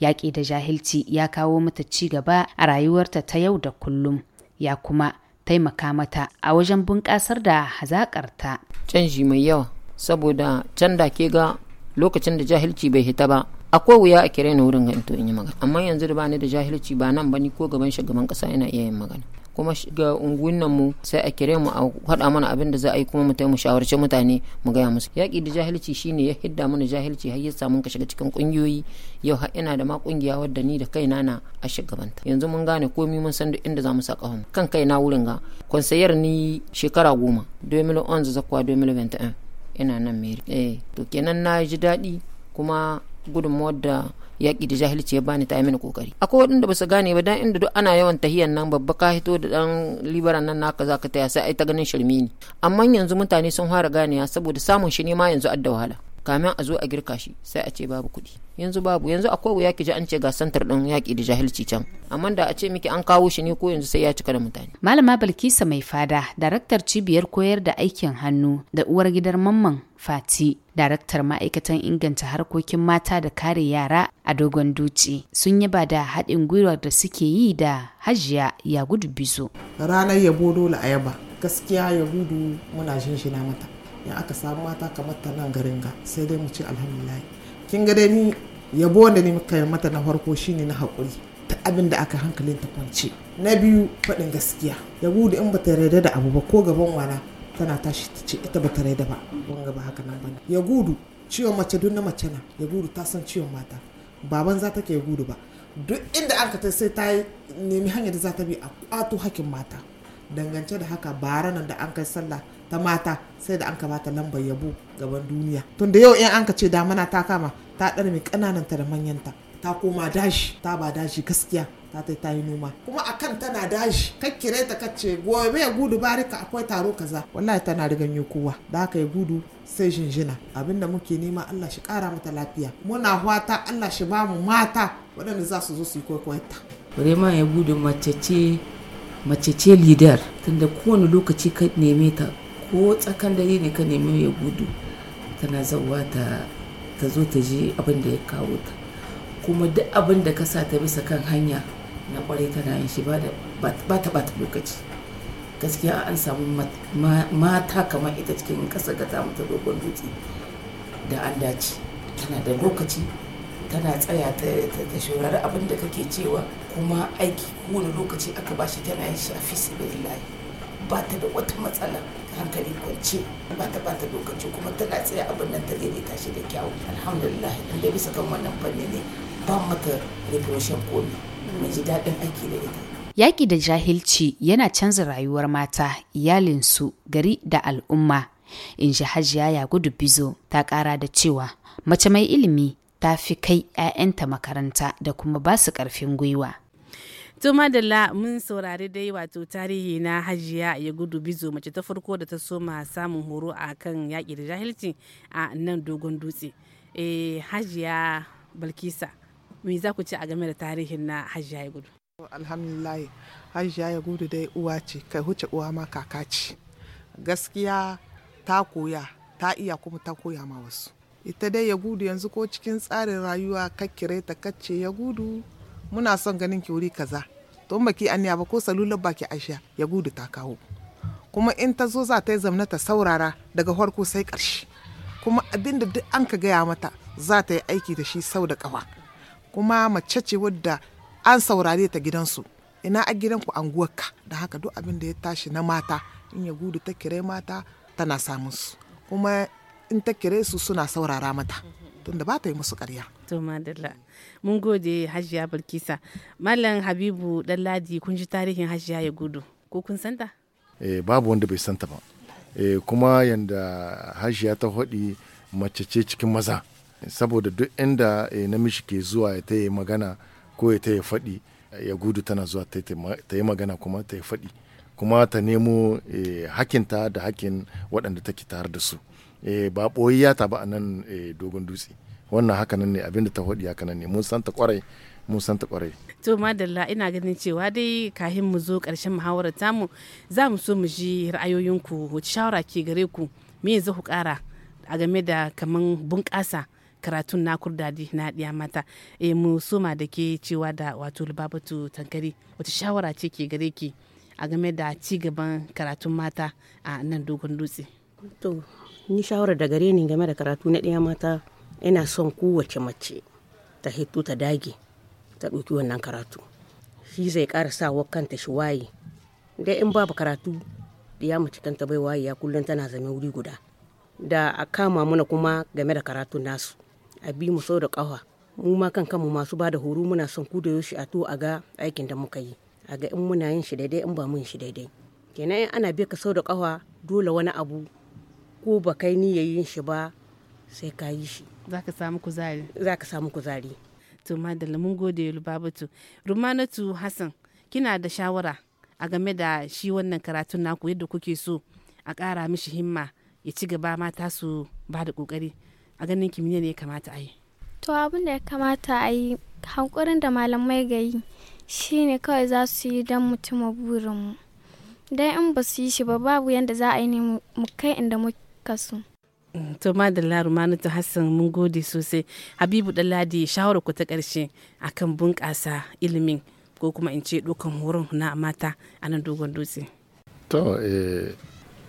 yaƙi da jahilci ya kawo mata ci gaba a rayuwarta ta yau da kullum ya kuma taimaka mata a wajen bunƙasar da hazaƙarta. canji mai yawa saboda can da ke ga lokacin da jahilci bai hita ba akwai wuya a kire ni wurin ga in yi magana amma yanzu da bani da jahilci ba nan bani ko gaban shugaban ƙasa yana iya yin magana kuma ga unguwannan mu sai a kire mu a faɗa mana abin da za a yi kuma mu tai mu shawarce mutane mu gaya musu yaƙi da jahilci shine ya hidda mana jahilci har ya samu ka shiga cikin ƙungiyoyi yau har ina da ma ƙungiya wadda ni da kaina na a shugabanta yanzu mun gane komi mun san duk inda za mu sa ƙahon kan na wurin ga konsayar ni shekara goma 2011 zakwa 2021 ina nan meri eh to kenan na ji daɗi kuma gudunmawar da yaƙi da jahilci ya bani ta mini kokari akwai waɗanda basu gane ba dan inda duk ana yawan tahiyan nan babba ka hito da dan libaran nan naka ka taya sai ai ta ganin shirmi ne amma yanzu mutane sun fara ganewa saboda samun shi ne ma yanzu adda wahala kamin a zo a girka shi sai a ce babu kuɗi yanzu babu yanzu akwai wuya ki ji an ce ga santar ɗin yaƙi da jahilci can amma da a ce miki an kawo shi ne ko yanzu sai ya cika da mutane malama balkisa mai fada daraktar cibiyar koyar da aikin hannu da uwar gidar mamman fati daraktar ma'aikatan inganta harkokin mata da kare yara a dogon duci sun yaba da haɗin gwiwar da suke yi da hajiya ya gudu bizo ranar yabo dole a yaba gaskiya ya gudu muna shinshina mata in aka samu mata kamar ta nan garin ga sai dai mu ce alhamdulillah kin ga dai ni yabo da ni muka mata na farko shine na hakuri ta abin da aka hankalin ta kwance na biyu faɗin gaskiya ya gudu in bata yarda da abu ba ko gaban wana tana tashi ta ce ita bata raida ba wanga ba haka nan bane ya gudu ciwon mace duk na mace na ya gudu ta san ciwon mata baban za ta ke gudu ba duk inda an ka sai ta yi nemi hanyar da za ta bi a kwato hakin mata dangance da haka bara nan da an kai sallah ta mata sai da an ka bata lambar yabo gaban duniya tun da yau in an ka ce damana ta kama ta ƙananan ta da manyanta ta koma dashi ta ba dashi gaskiya ta ta ta yi noma kuma akan tana daji kan kire ta kace gobe ya gudu barika akwai taro kaza wallahi tana rigan kowa da haka ya gudu sai jinjina abinda muke nema Allah shi kara mata lafiya muna hwata Allah shi ba mu mata waɗanda za su zo su yi ta. Rema ya gudu mace ce mace ce leader tunda kowane lokaci ka neme ta ko tsakan dare ne ka neme ya gudu tana zauwa ta ta zo ta ji abin da ya kawo ta kuma duk abin da ka sa ta bisa kan hanya na kwarai tana yin shi ba ta bata lokaci gaskiya an samu mata kamar ita cikin kasa ga ta mata dogon dutse da an dace tana da lokaci tana tsaya ta shurari abin da kake cewa kuma aiki kowane lokaci aka ba shi tana yin shi a fisibilillahi ba ta da wata matsala hankali kwance ba ta ba ta lokaci kuma tana tsaya abin nan ta daidaita shi da kyawu alhamdulillah inda bisa kan wannan fanni ne ba mata repression komi yaƙi da jahilci yana canza rayuwar mata iyalinsu gari da al'umma in ji hajiya ya gudu bizo ta ƙara da cewa mace mai ilimi ta fi kai 'ya'yanta makaranta da kuma ba su ƙarfin gwiwa To madalla mun saurari dai wato tarihi na hajiya ya gudu bizo mace ta farko da ta soma samun horo a kan yaƙi da jahilci a nan dogon dutse. Eh, hajiya Balkisa me za ku ci a game da tarihin na hajji ya gudu alhamdulillah hajji gudu dai uwa ce kai huce uwa ma kaka ce gaskiya ta koya ta iya kuma ta koya ma wasu ita dai ya gudu yanzu ko cikin tsarin rayuwa kakkire ta kacce ya gudu muna son ganin ki wuri kaza to baki anya ba ko salular baki aisha ya gudu ta kawo kuma in ta zo za ta yi zamna ta saurara daga farko sai karshe. kuma abinda duk an ka gaya mata za ta yi aiki da shi sau da kawa kuma mace ce wadda an saurare ta gidansu ina a gidanku anguwarka da haka duk abin da ya tashi na mata in ya gudu ta kire mata tana samun su kuma in ta kire su suna saurara mata tunda ba ta yi musu karya. To madalla mun gode hajiya Bilkisa. mallam Habibu Ɗanladi kun ji tarihin hajiya ya gudu ko kun santa? Eh, babu wanda bai santa ba. Eh, kuma yanda hajiya ta haɗi mace ce cikin maza. saboda duk inda eh, namiji ke zuwa ya ta yi magana ko ya ta yi faɗi ya gudu tana zuwa ta yi magana kuma ta yi faɗi kuma ta nemo eh, hakinta da hakin waɗanda take tare da su eh, ba ɓoyi ta ba a nan dogon dutse wannan hakanan ne abinda ta faɗi hakanan ne mun san ta kwarai mun san ta kwarai to madalla ina ganin cewa dai kahin mu zo ƙarshen muhawarar tamu za mu so mu ji ra'ayoyinku wace shawara ke gare ku me yanzu ƙara a game da kaman bunƙasa karatun na kurdadi na ɗiya mata e mu soma da ke cewa da wato lubabatu tankari wata shawara ce ke gare ki a game da ci gaban karatun mata a nan dogon dutse to ni shawara da gare ni game da karatu na ɗaya mata ina son kowace mace ta hito ta dage ta ɗauki wannan karatu shi zai ƙara sawa kanta shi waye da in babu karatu ɗiya mace kanta bai waye ya kullum tana zama wuri guda da a kama mana kuma game da karatu nasu a bi mu sau da kawa mu ma kan kanmu masu ba da horo muna son ku da yoshi a to a ga aikin da muka yi a ga in muna yin shi daidai in ba mu yin shi daidai kenan in ana bi ka sau da kawa dole wani abu ko ba kai ni ya yin shi ba sai ka yi shi za ka samu kuzari za ka samu kuzari to madalla mun gode lubabatu rumanatu hassan kina da shawara a game da shi wannan karatun naku yadda kuke so a kara mishi himma ya ci gaba mata su ba da ƙoƙari a ganin kimiyya ne ya kamata a yi to abin da ya kamata a yi hankurin da malamai ga yi shine kawai za su yi don mutum burinmu don in ba su yi shi ba babu yadda za a yi ne mu kai inda muka so mm, to madalla rumanatu hassan mun gode sosai habibu ɗanladi shawarar ku ta ƙarshe akan bunƙasa ilimin ko kuma in ce ɗaukan horon na mata a nan dogon dutse to eh,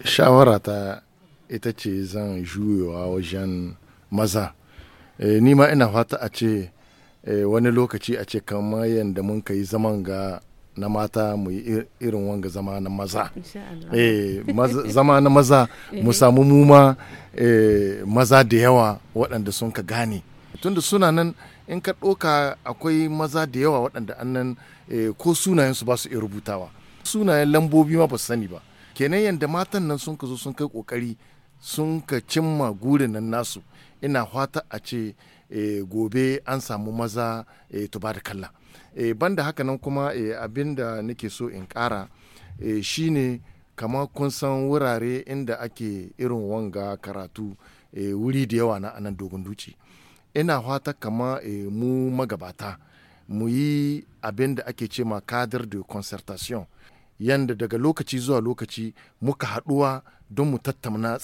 shawara ta ita ce zan juyowa wajen maza eh, ni ma ina fata a ce e wani lokaci a ce kamar yadda mun ka yi zaman ga na mata mu yi irin wanga zama na maza eh, zama na maza mu samu muma maza da yawa waɗanda sun ka gane tunda suna nan in ka ɗoka akwai maza da yawa waɗanda annan ko sunayensu ba su iya rubutawa sunayen lambobi ma ba su sani ba kenan yadda matan nan sun ka zo sun kai ƙoƙari sun ka cimma gurin nan nasu ina fata a ce eh, gobe an samu maza eh, tuba da kalla eh, banda haka nan kuma abin da nake so in ƙara shine kama kun san wurare inda ake irin wanga karatu wuri da yawa na anan dogon duci ina fata kama mu magabata mu yi abin da ake ce ma cadre de concertation yanda daga lokaci zuwa lokaci muka haɗuwa don mu tattauna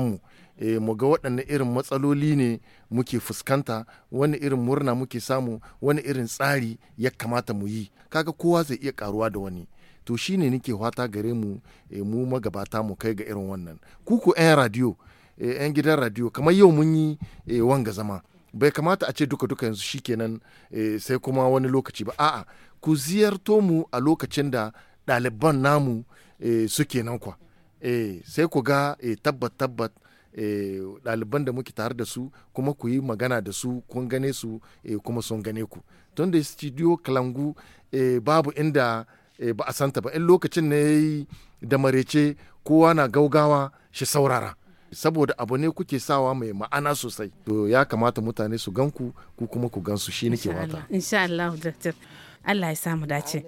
mu. e, mu ga waɗanne irin matsaloli ne muke fuskanta wani irin murna muke samu wani irin tsari ya kamata mu yi kaga kowa zai iya karuwa da wani to shi ne nake fata gare mu e, mu magabata mu kai ga irin wannan kuku 'yan radiyo 'yan eh, gidan radiyo kamar yau mun yi e, wanga zama bai kamata a ce duka-duka yanzu shikenan e, sai kuma wani lokaci ba a'a ku ziyarto mu a lokacin da ɗaliban namu e, suke nan kwa e, sai ku ga e, tabbat tabbat Eh, ɗaliban da muke tare da su kuma ku yi magana da su kun gane su eh, kuma sun gane ku tun da studio kalangu eh, babu inda ba a santa ba in lokacin ne yayi da marece kowa na gaugawa shi saurara saboda abu ne kuke sawa mai ma'ana sosai to ya kamata mutane su ganku ku kuma ku gansu shi nake wata insha Allah Allah ya samu dace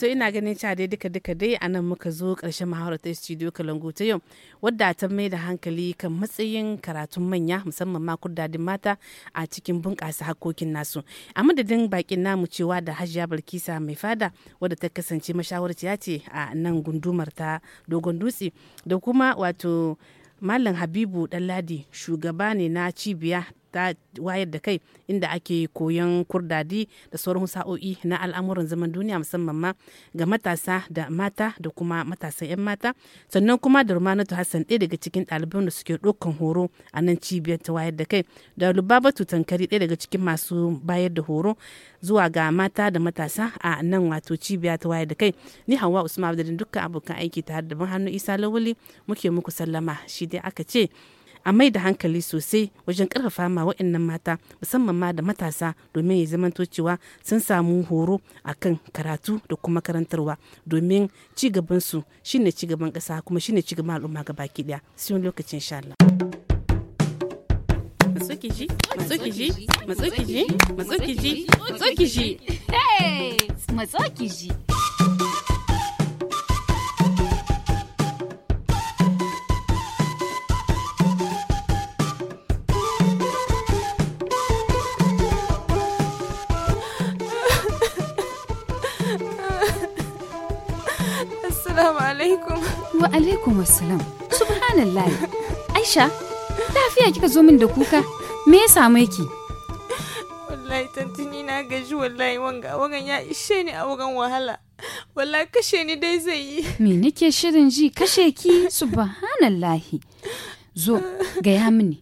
to ina ganin cewa dai duka duka dai a nan muka zo ƙarshen ta studio kalangu ta yau wadda ta mai da hankali kan matsayin karatun manya musamman ma kudadin mata a cikin bunƙasa hakokin nasu a madadin bakin namu cewa da hajiya barkisa mai fada wadda ta kasance mashawarciya ce a nan gundumar ta dogon dutse da kuma wato Malam Habibu Ɗanladi shugaba ne na cibiya ta wayar da kai inda ake koyon kurdadi da sauran sa'o'i na al'amuran zaman duniya musamman ma ga matasa da mata da kuma matasan 'yan mata sannan kuma da rumanatu hassan ɗaya daga cikin ɗaliban da suke ɗaukan horo a nan cibiyar ta wayar da kai da lubabatu tankari ɗaya daga cikin masu bayar da horo zuwa ga mata da matasa a nan wato cibiya ta wayar da kai ni hawa usman abdulin dukkan abokan aiki tare da ban hannu isa lawali muke muku sallama shi dai aka ce a mai da hankali sosai wajen karfafa ma waɗannan mata musamman ma da matasa domin ya zama cewa sun samu horo a kan karatu da kuma karantarwa domin ci gaban su shine ci ƙasa kuma shine ci gaban al'umma baki daya sai wani lokacin insha Allah Matsokiji, matsokiji, matsokiji, matsokiji, matsokiji, alaikum assalam subhanallah aisha lafiya kika zo min da kuka me ya samu ki wallahi tantuni na gaji wallahi wanga wagan ya ishe ni a wagan wahala wallahi kashe ni dai zai yi me nake shirin ji kashe ki subhanallah zo gaya mini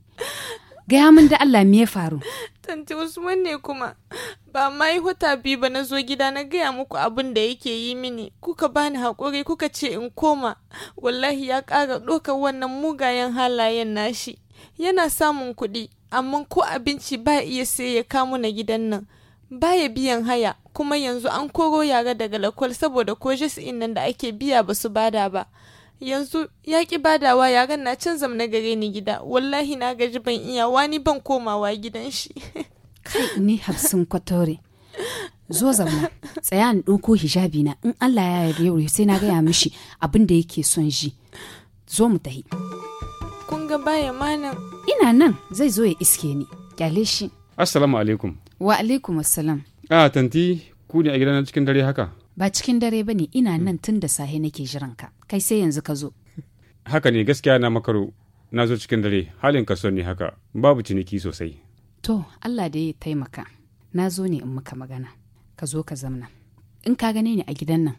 gaya min da Allah me ya faru tanti usman ne kuma ba ma huta wata biyu ba na zo gida na gaya muku abin da yake yi mini kuka bani hakuri kuka ce in koma wallahi ya kara doka wannan mugayen halayen nashi yana samun kuɗi amma ko abinci ba iya sai ya kamu na gidan nan baya biyan haya kuma yanzu an koro yara daga lakwal saboda ko in nan da ake biya ba su bada ba yanzu ya ki badawa yaran na can zamna gare ni gida wallahi na gaji ban iya wani ban komawa gidan shi kai ni hafsin kwatori zo zauna tsaya in ɗauko hijabi na in Allah ya yarda yau sai na gaya mishi abin da yake son ji zo mu tahi kun ga baya manan ina nan zai zo ya iske ni kyale shi assalamu alaikum wa alaikum assalam a tanti ku ne a gidan cikin dare haka ba cikin dare bane ina nan tun da sahe nake jiran ka kai sai yanzu ka zo haka ne gaskiya na makaro na zo cikin dare halin ka son ne haka babu ciniki sosai To, Allah da ya taimaka, na zo ne in maka magana, ka zo ka zamna. In ka gane ni a gidan nan,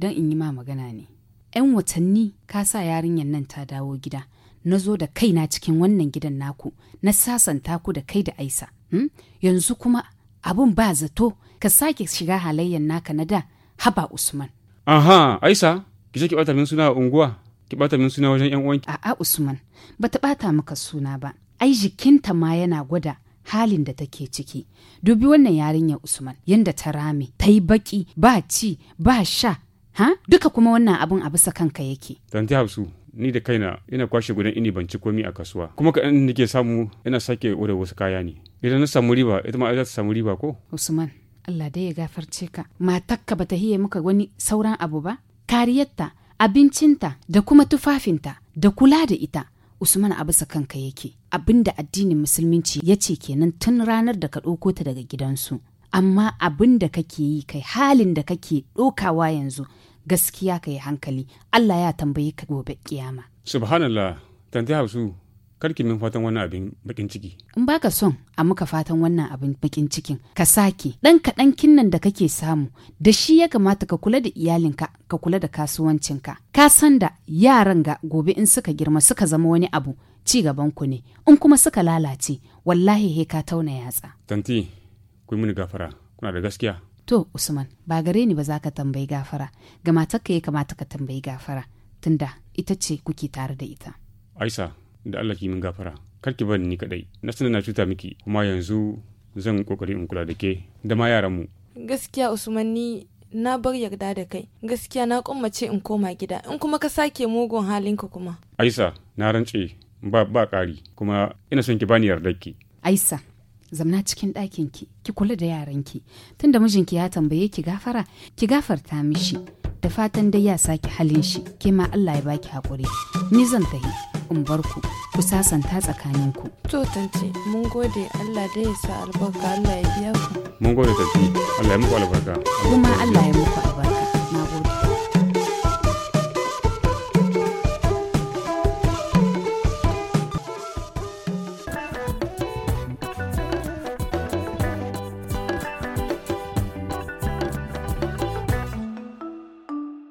don in yi ma magana ne. ‘Yan watanni ka sa yarinyar nan ta dawo gida, na zo da kaina cikin wannan gidan naku, na sasanta ku da kai da Aisa. Hmm? Yanzu kuma abun ba zato, ka sake shiga halayyar naka na da haba Usman. Aha, Aisa, ki ki ɓata min suna unguwa, ki ɓata min suna wajen ‘yan uwanki. A'a Usman, bata ɓata maka suna ba, ai jikinta ma yana gwada halin da take ciki dubi wannan yarinyar usman yadda ta rame ta yi baki ba ci ba sha ha duka kuma wannan abin a bisa kanka yake tanti hafsu ni da kaina ina kwashe gudan ini ban ci komi a kasuwa kuma kaɗan nake samu ina sake oda wasu kaya ne idan na samu riba ita ma za ta samu riba ko usman allah dai ya gafarce ka matakka bata hiye muka wani sauran abu ba kariyarta abincinta da kuma tufafinta da kula da ita Usman a bisa kanka yake abinda addinin musulminci ya ce kenan tun ranar da ka ɗauko ta daga gidansu amma abin da kake yi kai halin da kake ɗokawa yanzu gaskiya ka yi hankali Allah ya tambaye ka gobe kiyama. Subhanallah, hausu karki min fatan wannan abin bakin ciki. In baka son a muka fatan wannan abin bakin cikin ka sake ɗan kaɗan kinnan da kake samu da shi ya kamata ka kula da iyalinka ka kula da kasuwancinka. Ka san da yaran ga gobe in suka girma suka zama wani abu ci gaban ku ne in kuma suka lalace wallahi he ka tauna yatsa. Tanti ku mini gafara kuna da gaskiya. To Usman ba gare ni ba za ka tambayi gafara ga matarka ya kamata ka tambayi gafara tunda ita ce kuke tare da ita. Aisha da Allah ki min gafara kar ki bani ni kadai na sanar na cuta miki kuma yanzu zan kokari in kula da ke da ma yaran mu gaskiya Usman ni na bar yarda da kai gaskiya na kummace in koma gida in kuma ka sake mugun halinka kuma Aisa na rantse ba ba ƙari kuma ina son ki bani yarda ki Aisa zamna cikin ɗakin ki ki kula da yaran ki tunda mijinki ya tambaye ki gafara ki gafarta mishi da fatan dai ya saki halin shi ke ma Allah ya baki hakuri ni zan tafi. in bar ku ku sasanta tsakanin ku Tutance, mun gode Allah da ya sa albarka Allah ya biya ku mun gode tafi Allah ya muku albarka kuma Allah ya muku albarka